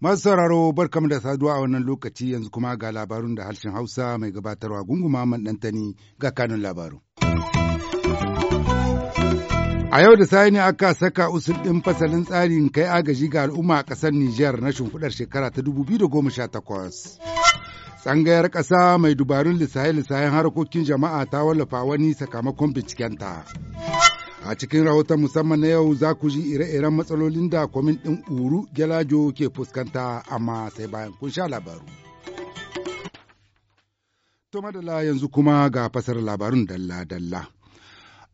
Masu sauraro da saduwa a wannan lokaci yanzu kuma ga labarun da harshen Hausa mai gabatarwa gunguma man ɗantani ga kanun labarun. A yau da sai ne aka saka usul ɗin fasalin tsarin kai agaji ga al'umma a ƙasar Nijar na shimfiɗar shekara ta sha 2018. Tsangayar ƙasa mai dubarun lissaye-lissayen harkokin jama'a ta wallafa wani sakamakon bincikenta. A cikin rahoton musamman na yau za ku ji ire-iren matsalolin da kwamin ɗin Uru Gelajo ke fuskanta amma sai bayan kun sha labaru. To madala yanzu kuma ga fasar labarun dalla-dalla.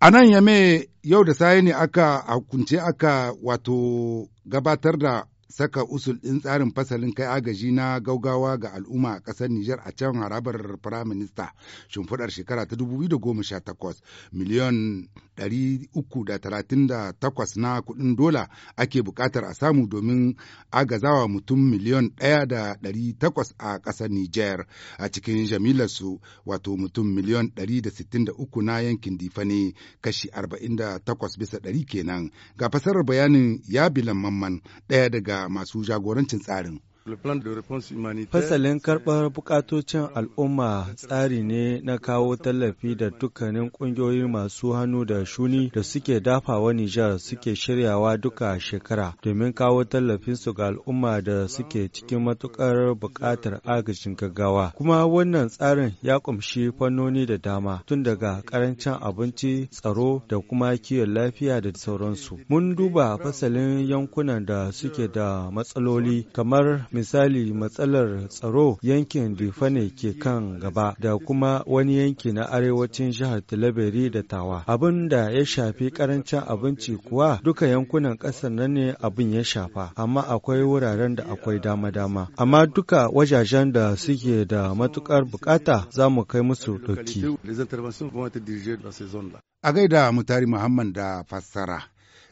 A nan yame yau da saye ne aka hukunce aka wato gabatar da saka usul ɗin tsarin fasalin kai agaji na gaugawa ga al'umma a ƙasar Nijar a can harabar firaminista shimfiɗar shekara ta 2018 miliyon 338 na kuɗin dola ake buƙatar a samu domin agazawa mutum miliyon 1,800 a ƙasar Nijar a cikin jamilarsu wato mutum miliyon 163 na yankin Difane kashi 48 bisa ɗari kenan ga fasarar bayanin ya bilan mamman ɗaya daga masu jagorancin tsarin. Fasalin karɓar bukatocin al'umma tsari ne na kawo tallafi da dukkanin ƙungiyoyi masu hannu da shuni da suke dafawa Nijar suke shiryawa duka shekara domin kawo tallafinsu ga al'umma da suke cikin matuƙar buƙatar agajin gaggawa. Kuma wannan tsarin ya ƙumshi fannoni da dama tun daga ƙarancin abinci, tsaro da kuma kiwon lafiya da sauransu. Mun duba fasalin yankunan da suke da matsaloli kamar misali matsalar tsaro yankin Difane ke kan gaba da kuma wani yanki na arewacin jihar talabari da Tawa. Abin da ya shafi karancin abinci kuwa duka yankunan ƙasar nan ne abin ya shafa, amma akwai wuraren da akwai dama-dama. Amma duka wajajen da suke da matukar bukata za mu kai musu doki. A gaida Mutari Muhammad da fassara.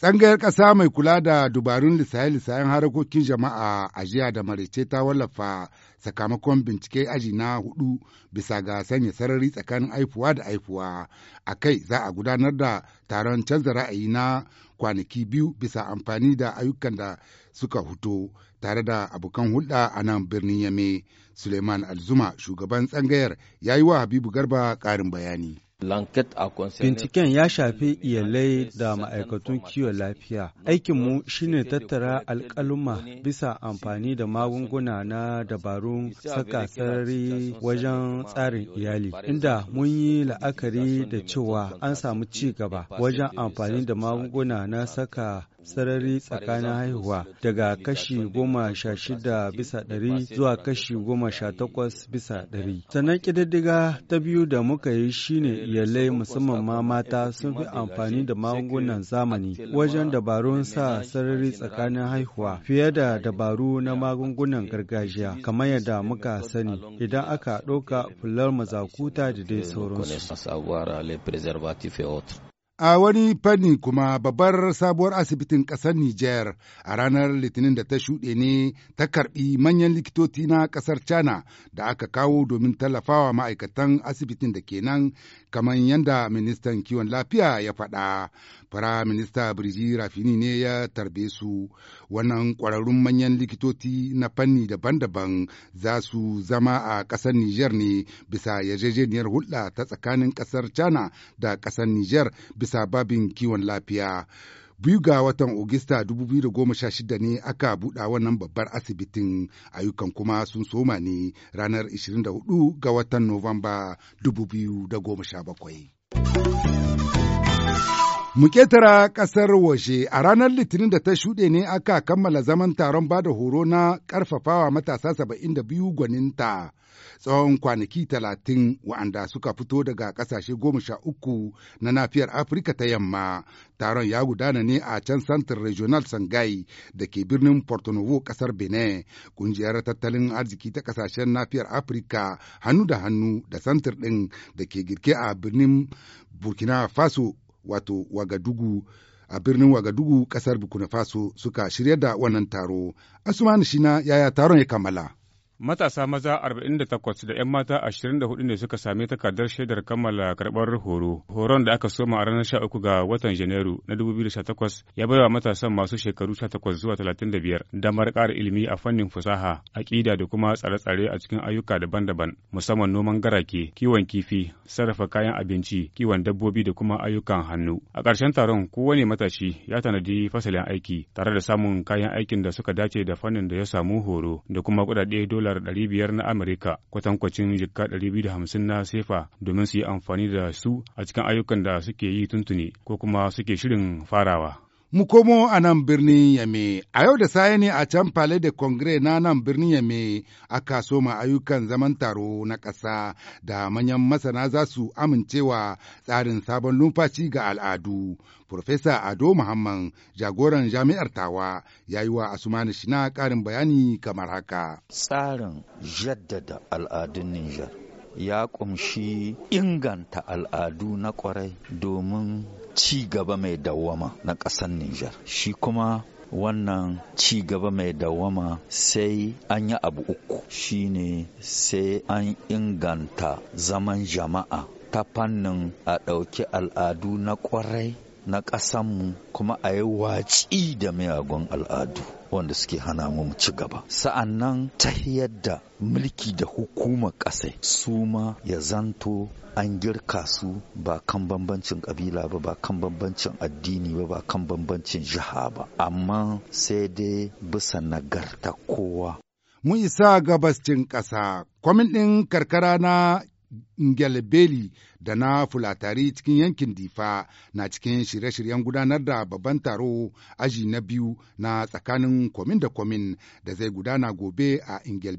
Tsangayar ƙasa mai kula da dubarun lisaye-lisayen harakokin jama'a a jiya da maraice ta wallafa sakamakon bincike aji na hudu bisa ga sanya sarari tsakanin aifuwa da aifuwa. A kai za a gudanar da taron canza ra'ayi na kwanaki biyu bisa amfani da ayyukan da suka huto tare da abokan hulɗa a nan birnin Yame. Suleiman Alzuma, shugaban tsangayar, ya yi wa Habibu Garba ƙarin bayani. Binciken ya shafi iyalai da ma'aikatun kiwon lafiya. Aikinmu shine tattara alƙaluma bisa amfani da magunguna na dabarun saka sarari wajen tsarin iyali, inda mun yi la'akari da cewa an samu ci gaba wajen amfani da magunguna na saka sarari tsakanin haihuwa daga kashi goma sha shida bisa ɗari zuwa kashi goma sha takwas bisa ɗari. Sannan ƙididdiga ta biyu da muka yi shine iyalai musamman ma mata sun fi amfani da magungunan zamani wajen dabarun sa sarari tsakanin haihuwa fiye da dabaru na magungunan gargajiya kamar yadda muka sani idan aka ɗauka fular mazakuta da dai sauransu. A wani fanni kuma babbar sabuwar asibitin ƙasar Nijar a ranar Litinin da ta shuɗe ne ta karɓi manyan likitoci na ƙasar China da aka kawo domin tallafawa ma'aikatan asibitin da ke nan kamar yadda ministan kiwon lafiya ya faɗa. Fara minista Birji Rafini ne ya tarbe su wannan ƙwararrun manyan likitoci na fanni daban-daban za su zama a ƙasar Nijar ne bisa yarjejeniyar hulɗa ta tsakanin ƙasar China da ƙasar Nijar bisa babin kiwon lafiya. biyu ga watan Ogista 2016 ne aka buɗa wannan babbar asibitin ayyukan kuma sun soma ne ranar 24 ga watan Nuwamba 2017. Mu ƙetara ƙasar waje a ranar Litinin da ta shuɗe ne aka kammala zaman taron ba da horo na ƙarfafawa matasa saba'in da biyu gwaninta tsawon kwanaki talatin wa'anda suka fito daga ƙasashe goma sha uku na nafiyar Afirka ta yamma. Taron ya gudana ne a can Santar Regional Sangai da ke birnin Porto Novo ƙasar Benin. Ƙungiyar tattalin arziki ta ƙasashen nafiyar Afirka hannu da hannu da Santar ɗin da ke girke a birnin Burkina Faso wato wagadugu a birnin wagadugu kasar bukuna faso suka shirya da wannan taro asumani shina yaya taron ya kammala Matasa maza 48 da 'yan mata ashirin 24 ne suka sami takardar shaidar kammala karɓar horo. Horon da aka soma a ranar 13 ga watan Janairu na 2018 ya bai wa matasan masu shekaru 18 zuwa 35 damar ƙara ilimi a fannin fasaha, aƙida da kuma tsare-tsare a cikin ayyuka daban-daban, musamman noman garake, kiwon kifi, sarrafa kayan abinci, kiwon dabbobi da kuma ayyukan hannu. A ƙarshen taron kowane matashi ya tanadi fasalin aiki tare da samun kayan aikin da suka dace da fannin da ya samu horo da kuma kuɗaɗe dole dalar biyar na Amurka kwatankwacin jikka hamsin na sefa domin su yi amfani da su a cikin ayyukan da suke yi tuntuni ko kuma suke shirin farawa. Mu komo a nan birnin Yame, a yau da saye ne a can Palais de Congrès na nan birnin Yame a kaso ma ayyukan zaman taro na ƙasa da manyan masana za su amincewa tsarin sabon numfashi ga al'adu. Profesa Ado Muhammad jagoran jami'ar Tawa ya yi wa Asumani Shina ƙarin bayani kamar haka. Tsarin jaddada al'adun Nijar ya ƙumshi inganta al'adu na ƙwarai domin ci gaba mai dawwama na ƙasar Nijar. Shi kuma wannan ci gaba mai dawama sai an yi abu uku shine sai an inganta zaman jama'a ta fannin a ɗauki al'adu na ƙwarai na ƙasanmu kuma a yi watsi da miyagun al'adu wanda suke hana mu ci gaba sa'an nan ta yadda mulki da hukumar ƙasai su ma ya zanto an girka su ba kan bambancin ƙabila ba ba kan bambancin addini ba ba kan bambancin jiha ba amma sai dai bisa nagarta kowa mun isa gabas cin ƙasa kwamin ɗin karkara na Ngel da na Fulatari cikin yankin Difa na cikin shirye-shiryen gudanar da babban taro aji na biyu na tsakanin komin da komin da zai gudana gobe a Ingel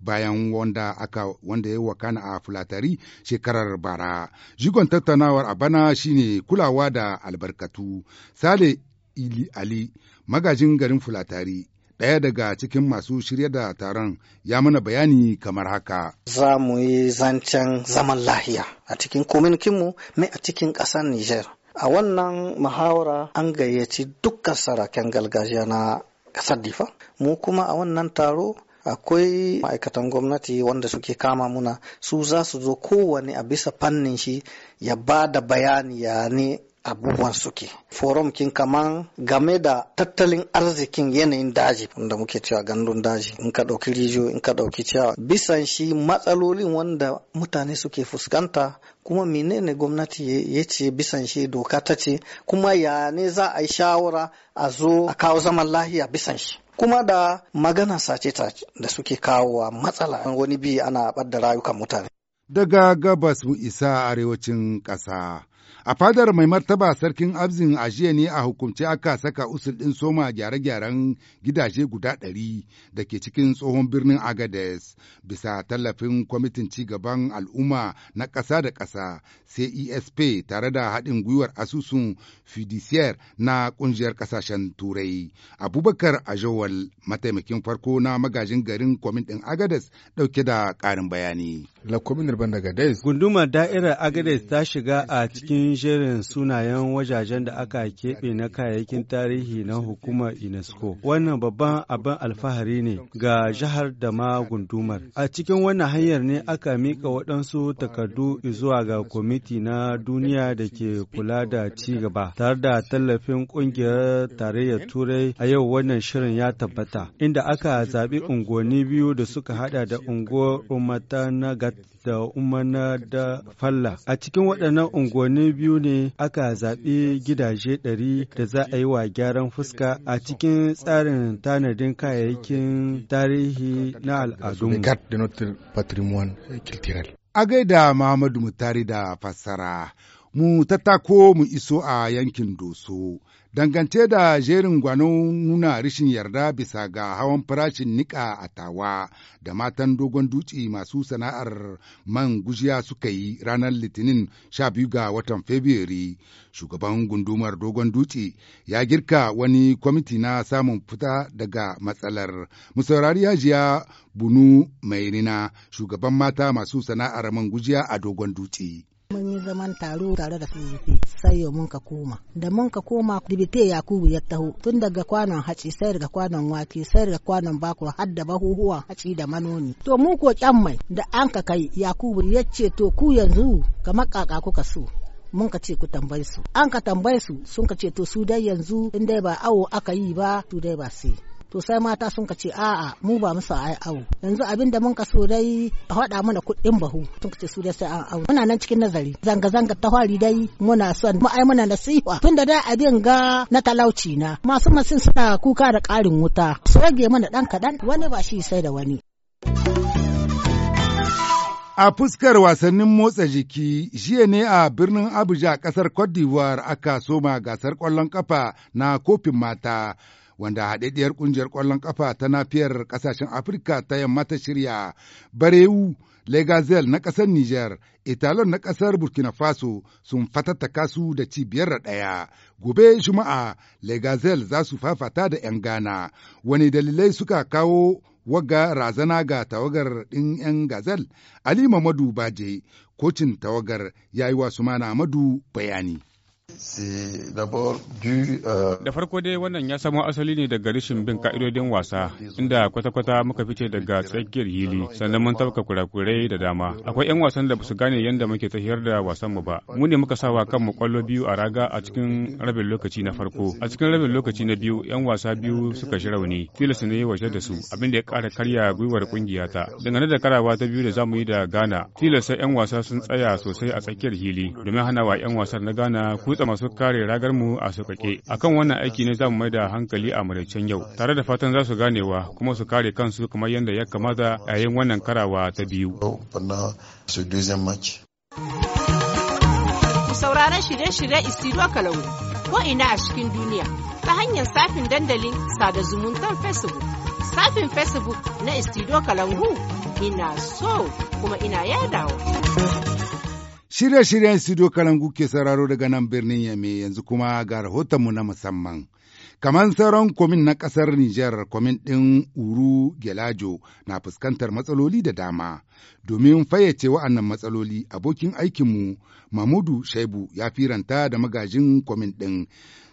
bayan wanda aka wanda ya wakana a Fulatari shekarar bara. Jigon tattaunawar a bana shine kulawa da albarkatu. Sale Ili Ali magajin garin Fulatari ɗaya daga cikin masu shirya da taron ya mana bayani kamar haka. Za mu yi zancen zaman lahiya a cikin kominikinmu mai a cikin ƙasar Nijar. A wannan muhawara an gayyaci dukkan saraken gargajiya na ƙasar Difa. Mu kuma a wannan taro akwai ma'aikatan gwamnati wanda suke kama muna su za su zo kowane a bisa fannin shi ya ba da bayani ya ne abubuwan suke forum kin kaman game da tattalin arzikin yanayin daji wanda muke cewa gandun daji in ka ɗauki rijiyo in ka ɗauki ciyawa bisan shi matsalolin wanda mutane suke fuskanta kuma menene gwamnati ya ce bisan shi doka ta ce kuma ya ne za a yi shawara a zo a kawo zaman lahiya bisan shi kuma da magana sace ta da suke kawowa matsala wani bi ana ɓadda rayukan mutane daga gabas mu isa arewacin ƙasa A fadar mai martaba sarkin abzin ajiye ne a hukumce aka saka usul ɗin soma gyare-gyaren gidaje guda ɗari da ke cikin tsohon birnin Agades bisa tallafin kwamitin cigaban al'umma na ƙasa da ƙasa CESP tare da haɗin gwiwar asusun fidisiyar na ƙungiyar ƙasashen Turai. Abubakar Ajowal mataimakin farko na magajin garin kwamin ɗin Agades ɗauke da ƙarin bayani. La Gundumar da'irar Agades ta shiga a cikin cikin shirin sunayen wajajen da aka keɓe na kayayyakin tarihi na hukumar UNESCO. Wannan babban abin alfahari ne ga jihar da ma gundumar. A cikin wannan hanyar ne aka mika waɗansu takardu zuwa ga kwamiti na duniya da ke kula da ci gaba tare da tallafin ƙungiyar tarayyar Turai a yau wannan shirin ya tabbata inda aka zaɓi unguwanni biyu da suka haɗa da unguwar Umatanagat da Umana da Falla. A cikin waɗannan unguwanni mutane biyu ne aka zaɓi gidaje ɗari da za a yi wa gyaran fuska a cikin tsarin tanadin kayayyakin tarihi na al'adunmu. A gaida Muhammadu Mutari da fassara. mu tattako mu iso a yankin doso dangance da jerin gwanon nuna rishin yarda bisa ga hawan farashin niƙa a tawa da matan dogon dutse masu sana'ar man gujiya suka yi ranar litinin sha biyu ga watan fabrairu shugaban gundumar dogon dutse ya girka wani kwamiti na samun fita daga matsalar musaurari hajiya bunu mai rina shugaban mata masu sana'ar man gujiya a dogon dutse mun yi zaman taro tare da filifi sai yau mun ka koma da mun ka koma dibite yakubu ya taho tun daga kwanon haci sai daga kwanon wake sai daga kwanon bako har da bahuhuwan haci da manoni to mu ko kyan mai da an ka kai yakubu ya ce to ku yanzu kamar kaka kuka so mun ka ce ku tambaye su an ka tambaye su sun ka ce to su dai yanzu in dai ba awo aka yi ba su dai ba sai to sai mata sun ka ce a'a mu ba musu awo yanzu abin da mun ka so dai a faɗa mana kuɗin bahu sun ka ce su dai sai an awo muna nan cikin nazari zanga zanga ta fari dai muna son mu ai muna nasiha da dai abin ga na talauci na masu masin suna kuka da ƙarin wuta su rage mana ɗan kaɗan wani ba shi sai da wani. A fuskar wasannin motsa jiki, jiya ne a birnin Abuja kasar Cote d'Ivoire aka soma gasar kwallon kafa na kofin mata. wanda haɗaɗɗiyar ƙungiyar ƙwallon ƙafa ta nafiyar ƙasashen Afirka ta yamma ta shirya Barewu Legazel na ƙasar Nijar, Italon na ƙasar Burkina Faso sun fatattaka su da ci biyar da ɗaya. Gobe Juma'a, Legazel za su fafata da 'yan Ghana. Wani dalilai suka kawo waga razana ga tawagar ɗin 'yan Gazel? Ali Mamadu Baje, kocin tawagar, ya yi wasu mana Madu bayani. Euh, da farko dai wannan ya samo asali ne daga rashin bin ka'idodin wasa, inda kwata-kwata muka fice daga tsakiyar hili, sannan mun tabka kurakurai da dama. Akwai 'yan wasan da su gane yadda muke tafiyar da wasan mu ba. Mu ne muka sawa kanmu kwallo biyu a raga a cikin rabin lokaci na farko. A cikin rabin lokaci na biyu, 'yan wasa biyu suka shi rauni. Tilas ne waje da su, abin da ya kara karya gwiwar ƙungiyata. Dangane da karawa ta biyu da zamu yi da Ghana, tilas 'yan wasa sun tsaya sosai a tsakiyar hili domin hana wa 'yan wasan na Ghana ku motsa masu kare ragar mu a sauƙaƙe. Akan wannan aiki ne za mu mai da hankali a maraicen yau, tare da fatan za su ganewa kuma su kare kansu kamar yadda ya kamata a yayin wannan karawa ta biyu. Sauraron shirye-shirye Isidro Kalau ko ina a cikin duniya ta hanyar safin dandalin sada zumuntar Facebook. Safin Facebook na Isidro Kalangu ina so kuma ina yadawa. Shirye-shiryen studio Kalangu ke sauraro daga nan birnin Yame yanzu kuma ga rahotonmu na musamman. Kamar sauran kwamin na ƙasar Nijar, kwamin ɗin Uru Gelajo na fuskantar matsaloli da dama. Domin fayyace wa'annan matsaloli, abokin aikinmu Mamudu Shaibu ya firanta da magajin kwamin ɗin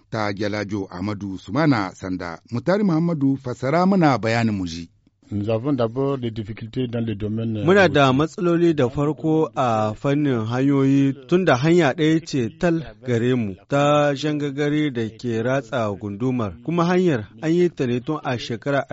ta Gelajo Ahmadu Sumana Sanda. Mutari Muhammadu fassara mana bayanin muji. Euh, Muna da matsaloli da farko a fannin hanyoyi tunda hanya ɗaya ce tal gare mu ta shangagari da ke ratsa gundumar, kuma hanyar an yi ta ne tun a shekara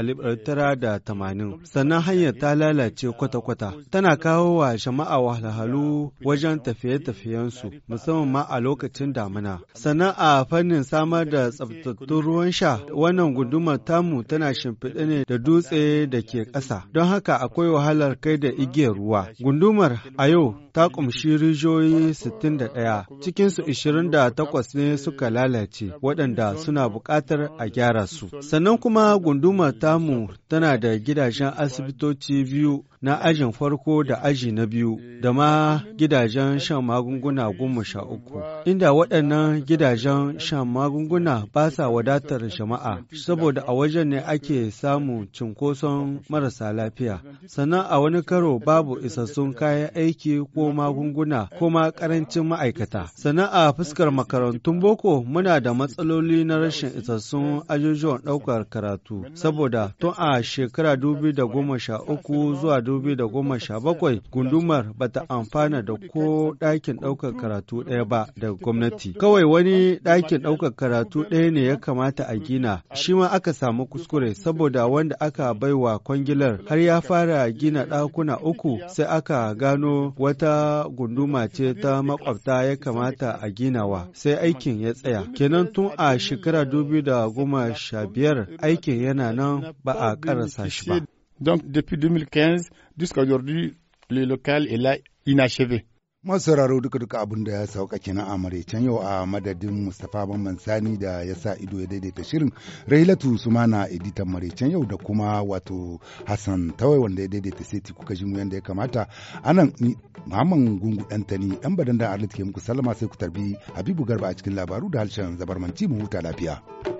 tamanin, sannan hanyar ta lalace kwata-kwata. Tana kawo wa shama'a wahalhalu wajen tafiye-tafiyensu, musamman ma a lokacin damina. Sannan a fannin samar da tsabtattun ruwan sha, wannan gundumar tamu tana shimfiɗe ne da dutse da ke ƙasa, don haka akwai wahalar kai da igiyar ruwa. Gundumar a yau ta ƙumshi rijiyoyi 61, cikinsu 28 ne suka lalace, waɗanda suna buƙatar a gyara su. Sannan kuma gundumar tamu tana da gidajen asibitoci biyu na ajin farko da aji na biyu da ma gidajen shan magunguna goma sha uku. Inda waɗannan gidajen shan magunguna ba sa wadatar jama'a saboda a wajen ne ake samun cinkoson marasa lafiya. Sannan a wani karo babu isassun kayan aiki ko magunguna ko ma ƙarancin ma'aikata. Sannan a fuskar makarantun boko muna da matsaloli na rashin isassun ajujuwan ɗaukar karatu saboda tun a shekara dubu da goma sha uku zuwa 2017 gundumar bata amfana da ko ɗakin ɗaukar karatu ɗaya ba daga gwamnati. Kawai wani ɗakin ɗaukar karatu ɗaya ne ya kamata a gina, shi ma aka samu kuskure saboda wanda aka baiwa kwangilar har ya fara gina ɗakuna uku sai aka gano wata gunduma ce ta makwabta ya kamata a ginawa sai aikin ya tsaya. Kenan tun a shekara 2015 aikin yana nan ba a ƙarasa shi ba. Donc, depuis 2015 jusqu'à aujourd'hui, le local est là inachevé. masauraro duka duka abin da ya sauka kenan a maraicen yau a madadin mustapha bamban sani da ya sa ido ya daidaita shirin railatu sumana editan maraicen yau da kuma wato hassan tawai wanda ya daidaita seti kuka ji mu yanda ya kamata anan ni muhammad gungu dantani dan badan da arlit ke muku sallama sai ku tarbi habibu garba a cikin labaru da harshen zabarmanci mu huta lafiya.